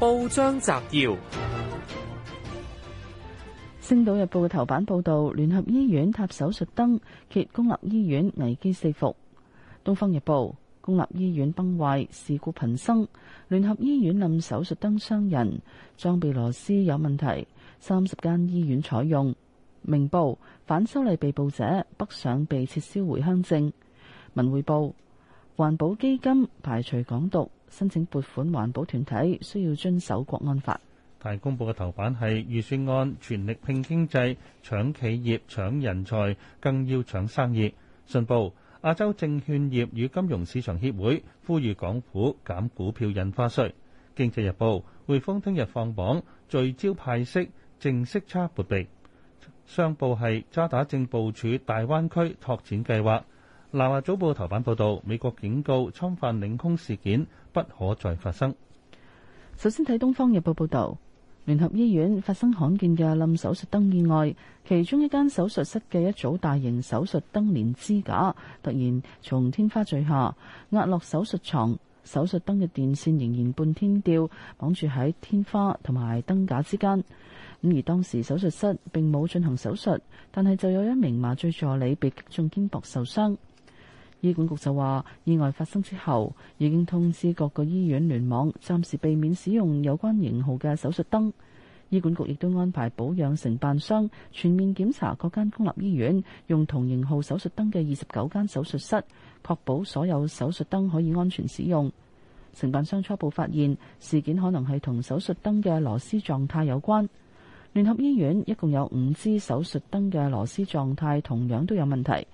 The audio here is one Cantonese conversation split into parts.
報章摘要：《星島日報》嘅頭版報道，聯合醫院塌手術燈，揭公立醫院危機四伏。《東方日報》公立醫院崩壞，事故頻生。聯合醫院冧手術燈傷人，裝備螺絲有問題。三十間醫院採用。《明報》反修例被捕者北上被撤銷回鄉證。《文匯報》環保基金排除港獨。申請撥款環保團體需要遵守國安法。大公報嘅頭版係預算案，全力拼經濟，搶企業，搶人才，更要搶生意。信報，亞洲證券業與金融市場協會呼籲港府減股票印花稅。經濟日報，匯豐聽日放榜，聚焦派息，淨息差撥備。商報係渣打正部署大灣區拓展計劃。《南華早報》頭版報道，美國警告侵犯領空事件不可再發生。首先睇《東方日報》報道，聯合醫院發生罕見嘅冧手術燈意外，其中一間手術室嘅一組大型手術燈連支架突然從天花墜下，壓落手術床。手術燈嘅電線仍然半天吊綁住喺天花同埋燈架之間。咁而當時手術室並冇進行手術，但係就有一名麻醉助理被擊中肩膊受傷。醫管局就話，意外發生之後，已經通知各個醫院聯網，暫時避免使用有關型號嘅手術燈。醫管局亦都安排保養承辦商全面檢查各間公立醫院用同型號手術燈嘅二十九間手術室，確保所有手術燈可以安全使用。承辦商初步發現事件可能係同手術燈嘅螺絲狀態有關。聯合醫院一共有五支手術燈嘅螺絲狀態同樣都有問題。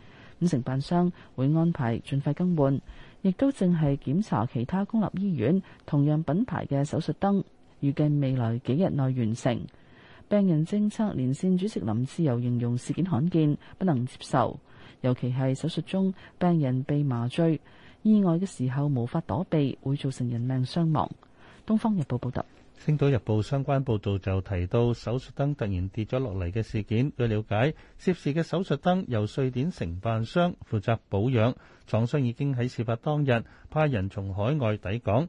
承辦商會安排盡快更換，亦都正係檢查其他公立醫院同樣品牌嘅手術燈，預計未來幾日內完成。病人政策連線主席林志由形容事件罕見，不能接受，尤其係手術中病人被麻醉意外嘅時候無法躲避，會造成人命傷亡。《東方日報》報道。星島日報相關報道就提到手術燈突然跌咗落嚟嘅事件。據了解，涉事嘅手術燈由瑞典承辦商負責保養，廠商已經喺事發當日派人從海外抵港。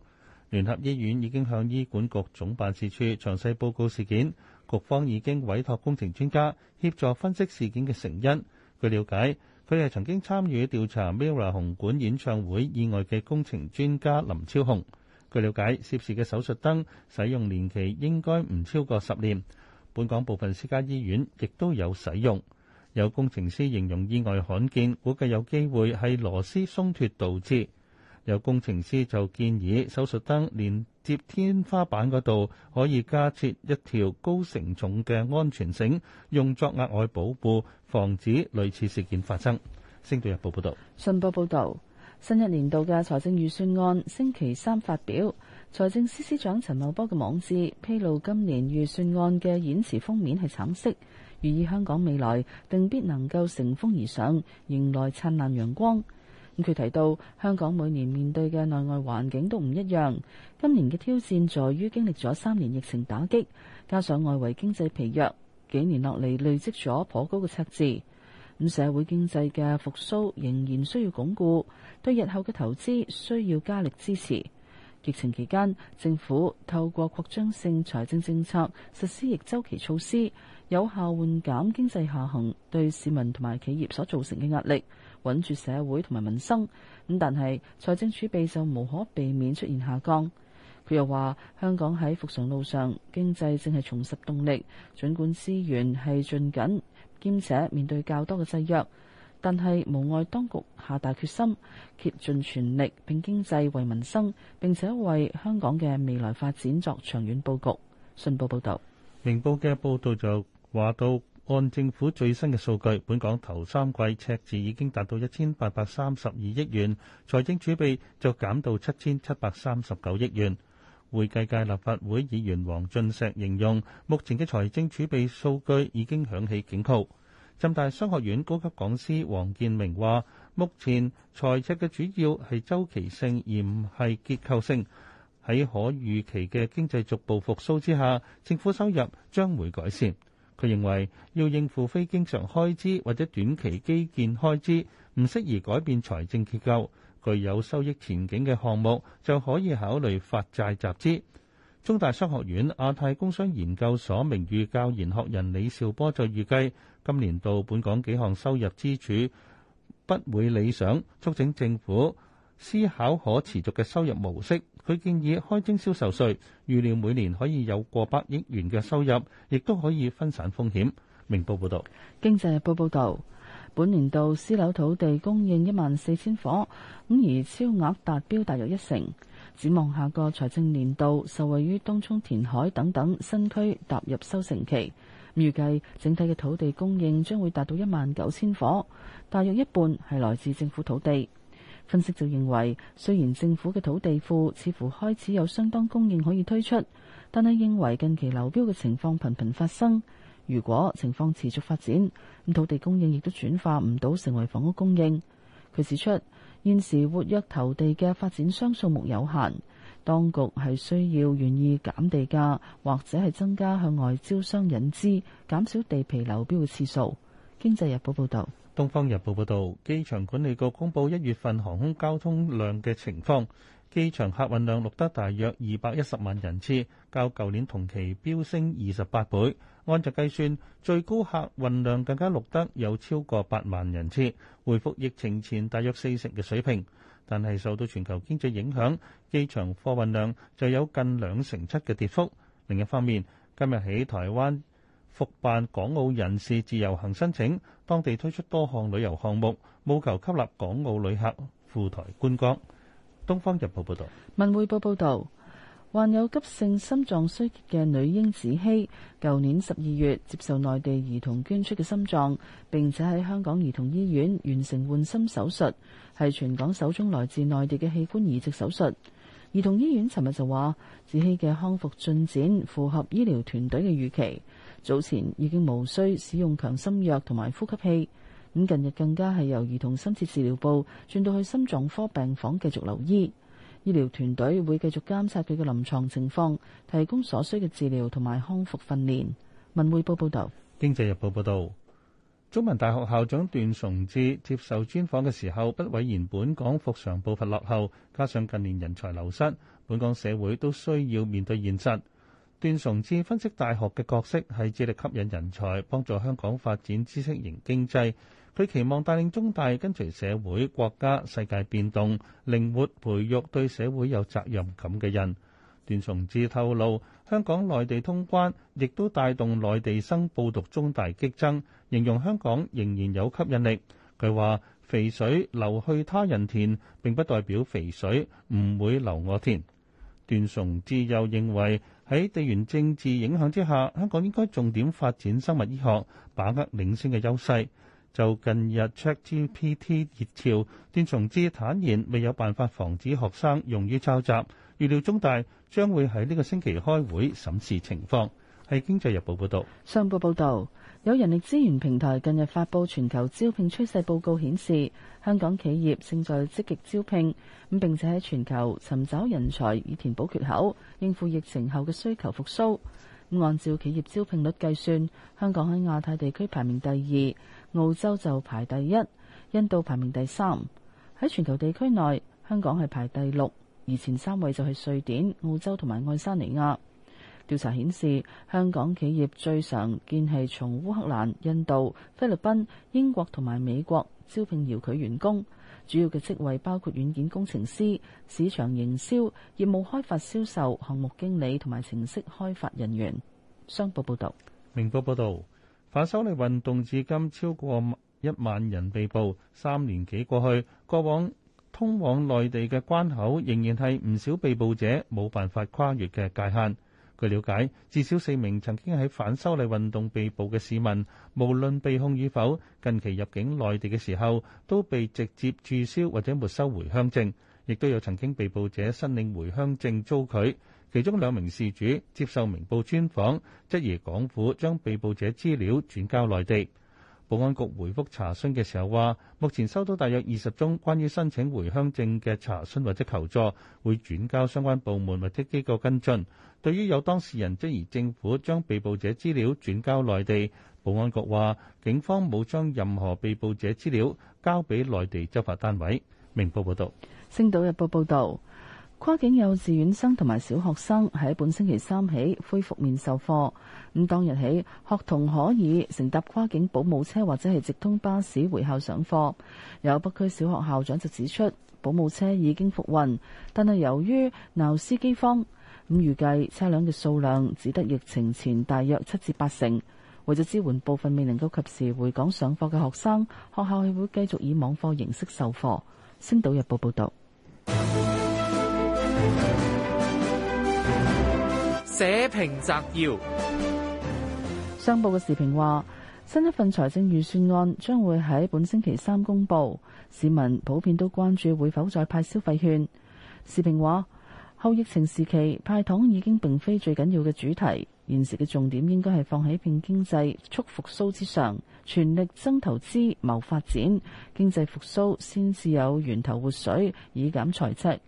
聯合醫院已經向醫管局總辦事處詳細報告事件，局方已經委託工程專家協助分析事件嘅成因。據了解，佢係曾經參與調查 MIRROR 紅館演唱會意外嘅工程專家林超雄。據了解，涉事嘅手術燈使用年期應該唔超過十年。本港部分私家醫院亦都有使用。有工程師形容意外罕見，估計有機會係螺絲鬆脱導致。有工程師就建議，手術燈連接天花板嗰度可以加設一條高承重嘅安全繩，用作額外保護，防止類似事件發生。星島日報報道。信報報導。新一年度嘅財政預算案星期三發表，財政司司長陳茂波嘅網誌披露，今年預算案嘅演詞封面係橙色，寓意香港未來定必能夠乘風而上，迎來燦爛陽光。佢提到，香港每年面對嘅內外環境都唔一樣，今年嘅挑戰在於經歷咗三年疫情打擊，加上外圍經濟疲弱，幾年落嚟累積咗頗高嘅赤字。咁社會經濟嘅復甦仍然需要鞏固，對日後嘅投資需要加力支持。疫情期間，政府透過擴張性財政政策實施逆週期措施，有效緩減經濟下行對市民同埋企業所造成嘅壓力，穩住社會同埋民生。咁但係財政儲備就無可避免出現下降。佢又話：香港喺復常路上，經濟正係重拾動力，儘管資源係盡緊，兼且面對較多嘅制約，但係無礙當局下大決心，竭盡全力，並經濟為民生，並且為香港嘅未來發展作長遠佈局。信報報道。明報嘅報導就話到，按政府最新嘅數據，本港頭三季赤字已經達到一千八百三十二億元，財政儲備就減到七千七百三十九億元。會計界立法會議員黃俊石形容，目前嘅財政儲備數據已經響起警告。浸大商學院高級講師黃建明話，目前財赤嘅主要係周期性，而唔係結構性。喺可預期嘅經濟逐步復甦之下，政府收入將會改善。佢認為，要應付非經常開支或者短期基建開支，唔適宜改變財政結構。具有收益前景嘅項目就可以考慮發債集資。中大商學院亞太工商研究所名譽教研學人李兆波就預計今年度本港幾項收入支柱不會理想，促請政府思考可持續嘅收入模式。佢建議開徵銷售稅，預料每年可以有過百億元嘅收入，亦都可以分散風險。明報報道，經濟日報報道。本年度私樓土地供應一萬四千伙，咁而超額達標大約一成。展望下個財政年度，受惠於東涌填海等等新區踏入收成期，預計整體嘅土地供應將會達到一萬九千伙，大約一半係來自政府土地。分析就認為，雖然政府嘅土地庫似乎開始有相當供應可以推出，但係認為近期流標嘅情況頻頻發生。如果情況持續發展，咁土地供應亦都轉化唔到成為房屋供應。佢指出，現時活躍投地嘅發展商數目有限，當局係需要願意減地價，或者係增加向外招商引資，減少地皮流標嘅次數。經濟日報報導。東方日報報導，機場管理局公佈一月份航空交通量嘅情況。機場客運量錄得大約二百一十萬人次，較舊年同期飆升二十八倍。按照計算，最高客運量更加錄得有超過八萬人次，回復疫情前大約四成嘅水平。但係受到全球經濟影響，機場貨運量就有近兩成七嘅跌幅。另一方面，今日起台灣復辦港澳人士自由行申請，當地推出多項旅遊項目，務求吸納港澳旅客赴台觀光。東方日報報道，文匯報報道，患有急性心臟衰竭嘅女嬰子希，舊年十二月接受內地兒童捐出嘅心臟，並且喺香港兒童醫院完成換心手術，係全港首宗來自內地嘅器官移植手術。兒童醫院尋日就話，子希嘅康復進展符合醫療團隊嘅預期，早前已經無需使用強心藥同埋呼吸器。咁近日更加係由兒童深切治療部轉到去心臟科病房繼續留醫，醫療團隊會繼續監察佢嘅臨床情況，提供所需嘅治療同埋康復訓練。文匯報報道，《經濟日報》報導，中文大學校長段崇智接受專訪嘅時候，不諱言本港復常步伐落後，加上近年人才流失，本港社會都需要面對現實。段崇智分析大學嘅角色係致力吸引人才，幫助香港發展知識型經濟，佢期望帶領中大跟隨社會、國家、世界變動，靈活培育對社會有責任感嘅人。段崇智透露，香港內地通關亦都帶動內地生報讀中大激增，形容香港仍然有吸引力。佢話肥水流去他人田，並不代表肥水唔會流我田。段崇智又認為喺地緣政治影響之下，香港應該重點發展生物醫學，把握領先嘅優勢。就近日 ChatGPT 熱潮，段崇智坦言未有辦法防止學生用於抄襲，預料中大將會喺呢個星期開會審視情況。係《經濟日報》報道，商報報道。有人力資源平台近日發佈全球招聘趨勢報告，顯示香港企業正在積極招聘，咁並且喺全球尋找人才以填補缺口，應付疫情後嘅需求復甦。按照企業招聘率計算，香港喺亞太地區排名第二，澳洲就排第一，印度排名第三。喺全球地區內，香港係排第六，而前三位就係瑞典、澳洲同埋愛沙尼亞。調查顯示，香港企業最常見係從烏克蘭、印度、菲律賓、英國同埋美國招聘遙距員工。主要嘅職位包括軟件工程師、市場營銷、業務開發、銷售、項目經理同埋程式開發人員。商報報道，明報報道，反修例運動至今超過一萬人被捕。三年幾過去，過往通往內地嘅關口仍然係唔少被捕者冇辦法跨越嘅界限。據了解，至少四名曾經喺反修例運動被捕嘅市民，無論被控與否，近期入境內地嘅時候，都被直接註銷或者沒收回鄉證。亦都有曾經被捕者申領回鄉證遭拒，其中兩名事主接受明報專訪，質疑港府將被捕者資料轉交內地。保安局回覆查詢嘅時候話：目前收到大約二十宗關於申請回鄉證嘅查詢或者求助，會轉交相關部門或者機構跟進。對於有當事人質疑政府將被捕者資料轉交內地，保安局話警方冇將任何被捕者資料交俾內地執法單位。明報報導。《星島日報》報導。跨境幼稚園生同埋小學生喺本星期三起恢復面授課，咁當日起學童可以乘搭跨境保姆車或者係直通巴士回校上課。有北區小學校長就指出，保姆車已經復運，但係由於鬧司機荒，咁預計車輛嘅數量只得疫情前大約七至八成。為咗支援部分未能夠及時回港上課嘅學生，學校係會繼續以網課形式授課。星島日報報道。社評摘要。商報嘅社評話，新一份財政預算案將會喺本星期三公布，市民普遍都關注會否再派消費券。社評話，後疫情時期派糖已經並非最緊要嘅主題，現時嘅重點應該係放喺拼經濟促復蘇之上，全力增投資謀發展，經濟復蘇先至有源頭活水，以減財赤。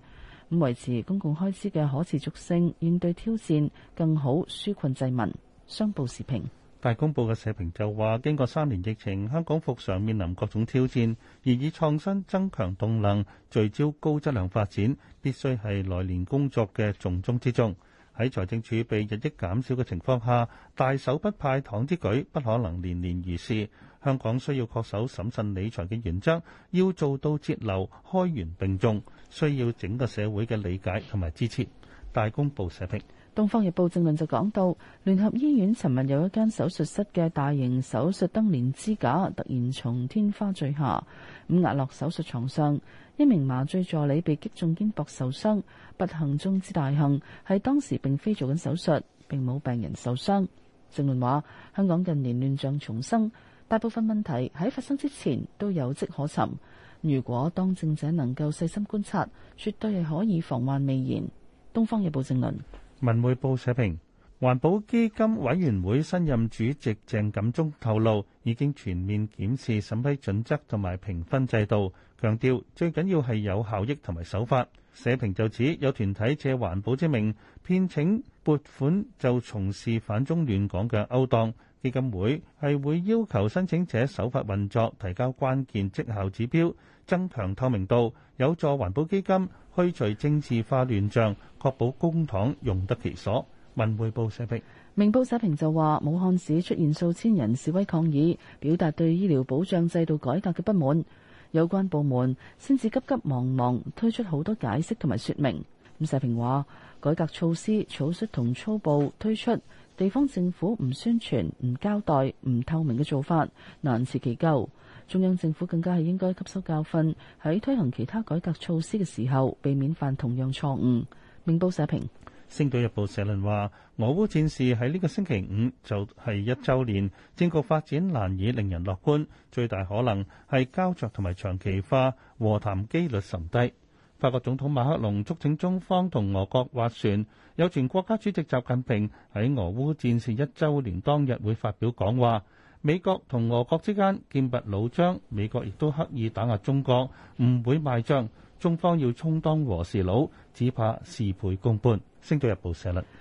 咁維持公共開支嘅可持續性，應對挑戰，更好紓困濟民。商報時評大公報嘅社評就話，經過三年疫情，香港復常面臨各種挑戰，而以創新增強動能，聚焦高質量發展，必須係來年工作嘅重中之重。喺財政儲備日益減少嘅情況下，大手筆派糖之舉，不可能年年如是。香港需要恪守審慎理財嘅原則，要做到節流開源並重，需要整個社會嘅理解同埋支持。大公報社評，《東方日報》正論就講到，聯合醫院尋日有一間手術室嘅大型手術燈連支架突然從天花墜下，咁壓落手術床上，一名麻醉助理被擊中肩膊受傷，不幸中之大幸係當時並非做緊手術，並冇病人受傷。正論話，香港近年亂象叢生。大部分問題喺發生之前都有跡可尋，如果當政者能夠細心觀察，絕對係可以防患未然。《東方日報》正論，《文匯報》社評，環保基金委員會新任主席鄭錦中透露，已經全面檢視審批準則同埋評分制度，強調最緊要係有效益同埋守法。社評就指有團體借環保之名騙請撥款，就從事反中亂港嘅勾當。基金會，係會要求申請者守法運作，提交關鍵績效指標，增強透明度，有助環保基金去除政治化亂象，確保公帑用得其所。文匯報社評明報社評就話武漢市出現數千人示威抗議表達對醫療保障制度改革嘅不滿，有關部門先至急急忙忙推出好多解釋同埋說明。咁社評話改革措施草率同粗暴推出。地方政府唔宣傳、唔交代、唔透明嘅做法難辭其咎。中央政府更加係應該吸收教訓，喺推行其他改革措施嘅時候，避免犯同樣錯誤。明報社評，《星島日報》社論話：俄烏戰事喺呢個星期五就係一週年，政局發展難以令人樂觀，最大可能係膠著同埋長期化，和談機率甚低。法國總統馬克龍促請中方同俄國斡旋。有傳國家主席習近平喺俄烏戰事一周年當日會發表講話。美國同俄國之間劍拔弩張，美國亦都刻意打壓中國，唔會賣賬。中方要充當和事佬，只怕事倍功半。星島日報社論。